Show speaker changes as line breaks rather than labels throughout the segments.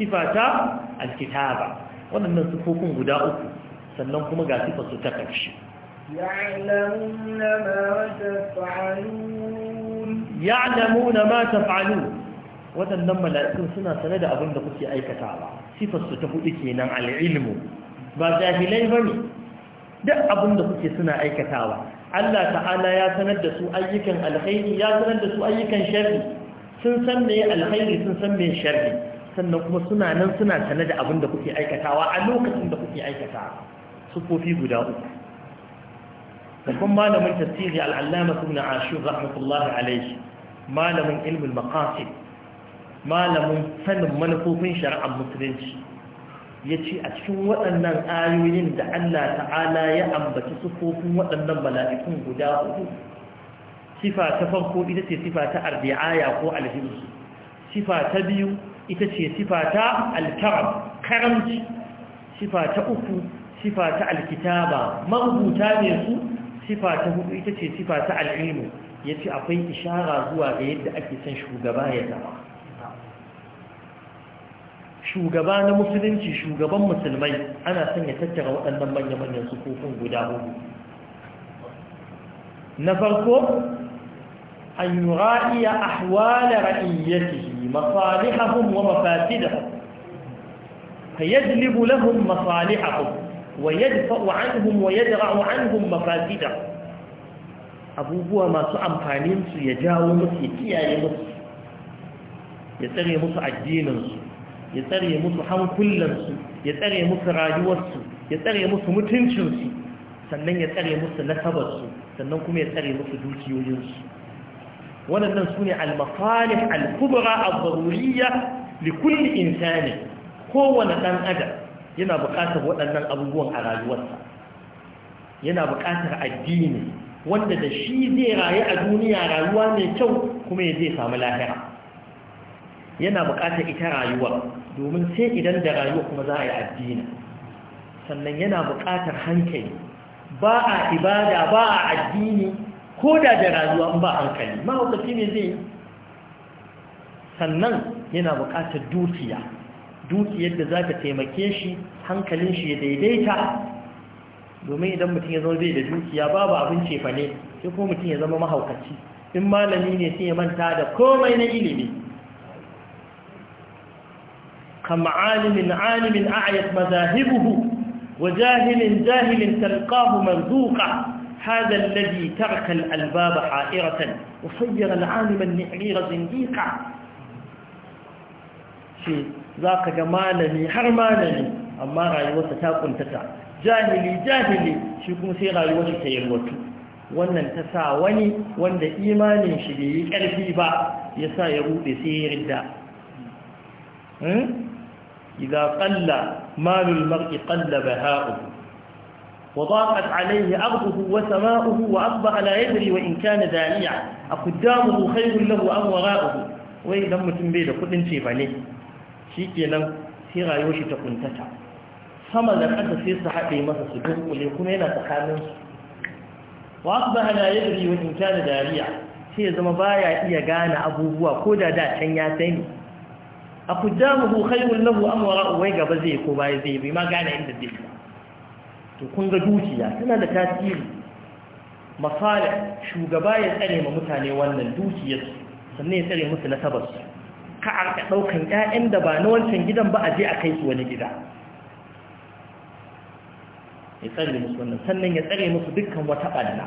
sifata alkitaba waɗannan sifofin guda uku sannan kuma ga sifa su ta ƙarshe Ya'lamun ma taf'alun waɗannan mala'ikun suna sane da abin da kuke aikatawa sifar su ta hudu kenan al'ilmu ba jahilai ba ne. duk abin da kuke suna aikatawa Allah ta'ala ya sanar da su ayyukan alkhairi ya sanar da su ayyukan sharri sun san me alkhairi sun san me sharri sannan kuma suna nan suna sane da abin da kuke aikatawa a lokacin da kuke aikata sufofi guda uku babban malamin tafsiri al'allama sun na ashir rahmatullahi alaihi malamin ilmin makasin malamin sanin manufofin shari'ar musulunci ya ce a cikin waɗannan ayoyin da allah ta'ala ya ambaci sufofin waɗannan mala'ikun guda uku sifa ta farko ita ce sifa ta arbi'aya ko alhibsu sifa ta biyu ita ce sifa ta alkaram karamci sifa ta uku sifa ta alkitaba marubuta ne su sifa ta hudu ita ce sifa ta al'ilmu ya ce akwai ishara zuwa ga yadda ake son shugaba ya zama shugaba na musulunci shugaban musulmai ana son ya tattara waɗannan manya-manyan sukukun guda hudu na farko an yi ra'iya ahwala ra'iyyati مصالحهم ومفاسدهم فيجلب لهم مصالحهم ويدفع عنهم ويدرع عنهم مفاسدهم abubuwa masu amfaninsu ya jawo musu ya kiyaye musu ya tsare musu addininsu ya tsare musu hankulansu ya tsare musu rayuwarsu ya tsare musu mutuncinsu sannan ya tsare musu nasabarsu sannan kuma ya tsare musu dukiyoyinsu waɗannan su ne almasalih alkubra al-daruriyya li insani kowane ɗan adam yana buƙatar waɗannan abubuwan a rayuwarsa yana buƙatar addini wanda da shi zai rayu a duniya rayuwa mai kyau kuma ya zai samu lahira yana buƙatar ita rayuwa domin sai idan da rayuwa kuma za a yi addini sannan yana buƙatar hankali ba a ibada ba a addini ko da da rayuwa in ba hankali mahaukaci ne zai sannan yana buƙatar dukiya dukiyar da za ka taimake shi hankalin shi ya daidaita domin idan mutum ya zama bai da dukiya babu abin cefa ne sai ko mutum ya zama mahaukaci in malami ne sai ya manta da komai na ilimi kama alimin alimin a'ayat mazahibuhu wa jahilin jahilin talqahu marzuka هذا الذي ترك الألباب حائرة وصير العالم النعير زنديقا شيء ذاك جمالني حرمانني أما رأيوة تاكن تسع جاهلي جاهلي شو كم سير رأيوة تيروت wannan ta sa wani wanda imanin shi bai yi ƙarfi ba ya sa ya rude sai ya ridda idan ƙalla malul mar'i ƙalla baha'u وضاقت عليه أرضه وسماؤه وأصبح لا يدري وإن كان دانيا أقدامه خير له أم وراءه وإذا متنبيل كل شيء فعليه شيء كنا في رايوش تقنتتا sama da ƙasa sai su haɗe masa su dunkule kuma yana tsakaninsu wa asbaha la wa in dariya sai ya zama baya iya gane abubuwa ko da da can ya sani akudamuhu khayrun lahu am wara'u wai gaba zai ko zai ma gane inda zai to kun ga dukiya tana da tasiri masala shugaba ya tsare ma mutane wannan dukiyar sannan ya tsare musu nasabarsu ka arka ɗaukan ƴaƴan da ba na wancan gidan ba a je a kai su wani gida ya tsare musu wannan sannan ya tsare musu dukkan wata ɓanna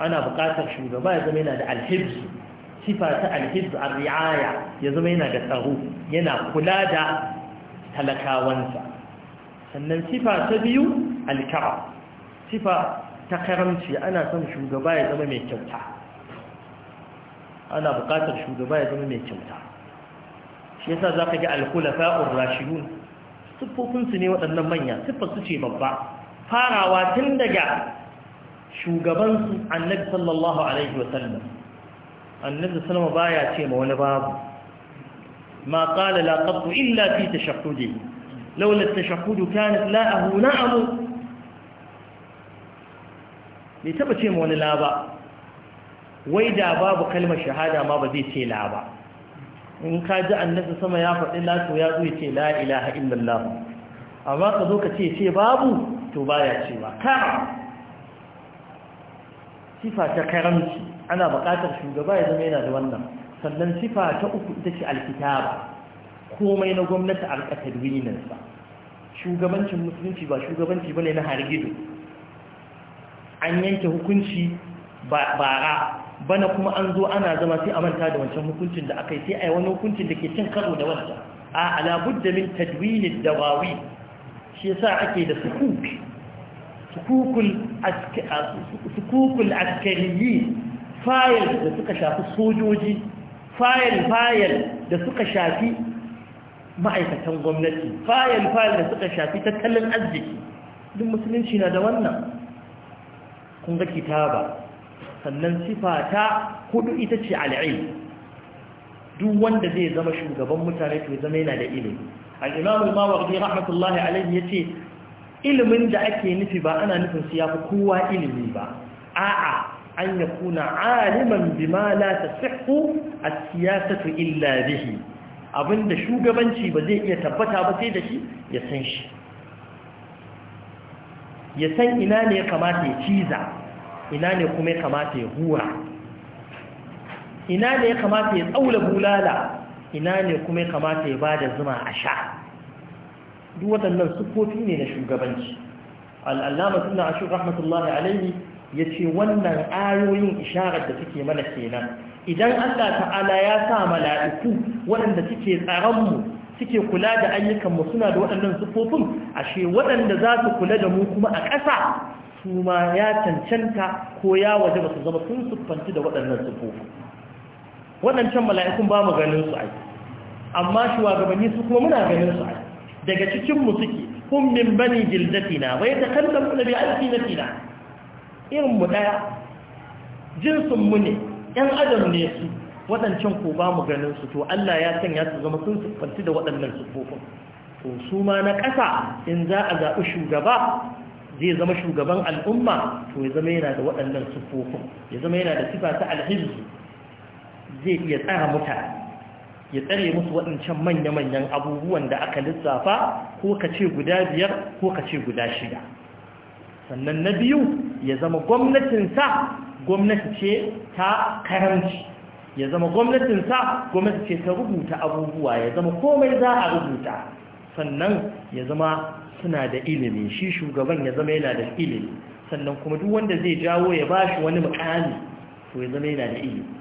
ana buƙatar shugaba ya zama yana da alhibsu sifa ta alhibsu a ya zama yana da tsaro yana kula da talakawansa sannan sifa ta biyu alkara sifa ta karamci ana son shugaba ya zama mai kyauta ana buƙatar shugaba ya zama mai kyauta shi yasa za ka ga alkulafa'ur rashidun siffofinsu ne waɗannan manya siffarsu ce babba farawa tun daga shugabansu annabi sallallahu alaihi wasallam annabi ba baya ce ma wani babu ma qala la illa fi tashaqqudi لولا التشهد كانت لاءه نعم bai taba ce wani la ba wai da babu kalmar shahada ma ba zai ce la ba in ka ji annabi sama ya faɗi la to ya zo ya ce la ilaha amma ka zo ka ce babu to baya cewa kara sifa ta karamci ana buƙatar shugaba ya zama yana da wannan sannan sifa ta uku ita ce alkitaba komai na gwamnati a rika sa. shugabancin musulunci ba shugabanci bane na hargido an yanke hukunci bara bana kuma an zo ana zama sai a manta da wancan hukuncin da aka yi sai a yi wani hukuncin da ke cin karo da wancan a alabudda min tadwinin dawawi shi yasa ake da sukuk sukukul askariyi fayil da suka shafi sojoji fayil-fayil da suka shafi ma'aikatan gwamnati fayil fayil da suka shafi tattalin arziki duk musulunci na da wannan kun ga kitaba sannan sifa ta hudu ita ce al'il duk wanda zai zama shugaban mutane to zama yana da ilimi al-imam al-mawardi rahmatullahi alayhi ilimin da ake nufi ba ana nufin su yafi kowa ilimi ba a'a an yakuna aliman bima la tasihhu as-siyasatu illa bihi abinda shugabanci ba zai iya tabbata ba sai da shi ya san shi ya san ina ne ya kamata ya ciza ina ne kuma ya kamata ya hura ina ne ya kamata ya tsaula bulala ina ne kuma ya kamata ya ba da zuma a sha duk waɗannan sufofi ne na shugabanci al'allama suna a rahmatullahi alaihi ya ce wannan ayoyin isharar da suke mana kenan idan Allah ta'ala ya sa mala'iku waɗanda suke tsaronmu suke kula da ayyukanmu suna da waɗannan sufofin ashe waɗanda za su kula da mu kuma a ƙasa su ma ya cancanta ko ya waje ba su zama sun siffanci da waɗannan sufofin waɗancan mala'ikun ba mu ganin su ai amma shugabanni su kuma muna ganin su ai daga cikinmu suke kun min bani jildatina Bai ta kallon na bi alfinatina irinmu ɗaya jinsinmu ne ‘yan adam ne su waɗancan ko ba mu ganin su to Allah ya sanya su zama sun siffanci da waɗannan siffofin to su ma na ƙasa in za a zaɓi shugaba zai zama shugaban al'umma to ya zama yana da waɗannan siffofin ya zama yana da sifa ta alhizu zai iya tsara mutane ya tsare musu waɗancan manya-manyan abubuwan da aka lissafa ko ka ce guda biyar ko ka ce guda shida sannan na biyu ya zama gwamnatinsa gwamnati ce ta karanci ya zama gwamnatinsa gwamnati ce ta rubuta abubuwa ya zama komai za a rubuta sannan ya zama suna da ilimi shi shugaban ya zama yana da ilimi sannan kuma duk wanda zai jawo ya ba shi wani mukami to ya zama yana da ilimi